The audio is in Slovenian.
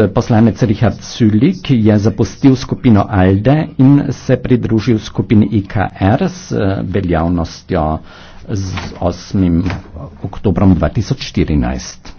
Eh, poslanec Richard Sulik je zapustil skupino Alde in se pridružil skupini IKR s eh, veljavnostjo z 8. oktobrom 2014.